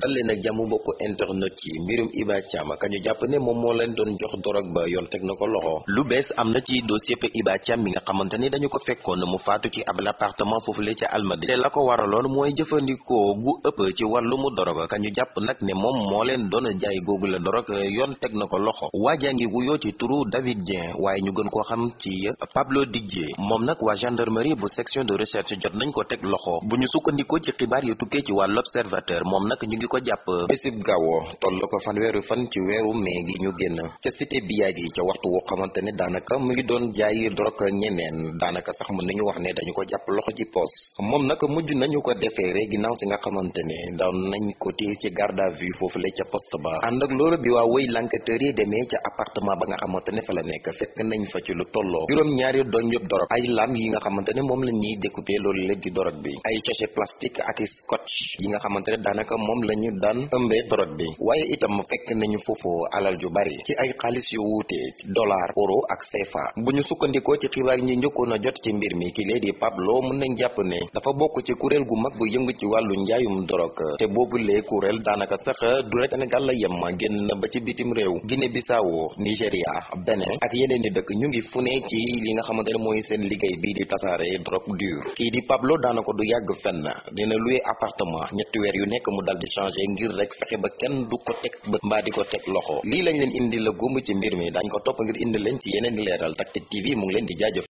dal nag ak jàmm mbokku internet yi mbirum Iba Thiam ka ñu jàpp ne moom moo leen doon jox dorog ba yoon teg na ko loxo lu bees am na ci dossier pa Iba Thiam mi nga xamante ni dañu ko fekkoon mu faatu ci ab appartement foofu le ca Almadi te la ko waraloon mooy jëfandikoo gu ëpp ci wàllu mu dorog ka ñu jàpp nag ne moom moo leen doon jaay googu la dorog yoon teg na ko loxo waajaa ngi wuyoo ci turu David Dieng waaye ñu gën koo xam ci Pablo Didier moom nag waa gendarmerie bu section de recherche jot nañ ko teg loxo bu ñu sukkandikoo ci xibaar yu tukkee ci waa l'observateur moom nag ko jàpp bésib gaawo toll ko fanweeru fan ci weeru mai gi ñu génn ca cité biyaay gi ca waxtu woo xamante daanaka mu ngi doon jaayi drog ñeneen daanaka sax mën nañu wax ne dañu ko jàpp loxo ci poos moom nag mujj nañu ko defeere ginnaaw si nga xamante ne doon nañ ko téye ci garde à vue foofu la ca poste ba ànd ak loolu bi waa wëy l'enquêteur yi demee ca appartement ba nga xamante ne fa la nekk fekk nañ fa ci lu tolloo juróom ñaari doñ yëpp dorog ay lam yi nga xamante ne moom la ñuy découper loolu la di dorog bi ay sachet plastique ak scotch yi nga xamante daanaka moom lañ lañu daan ëmbee dorog bi waaye itam fekk nañu foofu alal ju bari ci ay xaalis yu wuute dollar euro ak CFA bu ñu sukkandikoo ci xibaar ñi njëkkoon a jot ci mbir mi ki lee di Pablo mën nañ jàpp ne dafa bokk ci kuréel gu mag bu yëngu ci wàllu njaayum dorog te boobu lee kuréel daanaka sax du rek Sénégal la yem génn na ba ci bitim réew Guinée Bissau Nigéria Benin ak yeneen i dëkk ñu ngi fu ne ci li nga xamante ne mooy seen liggéey bii di tasaare drogue du yàgg fenn dina weer yu nekk mu arrangé ngir rek fexe ba kenn du ko teg bët mbaa di ko teg loxo lii lañ leen indi la gumb ci mbir mi dañ ko topp ngir indi leen ci yeneen leeral Tactic TV mu ngi leen di jaajëf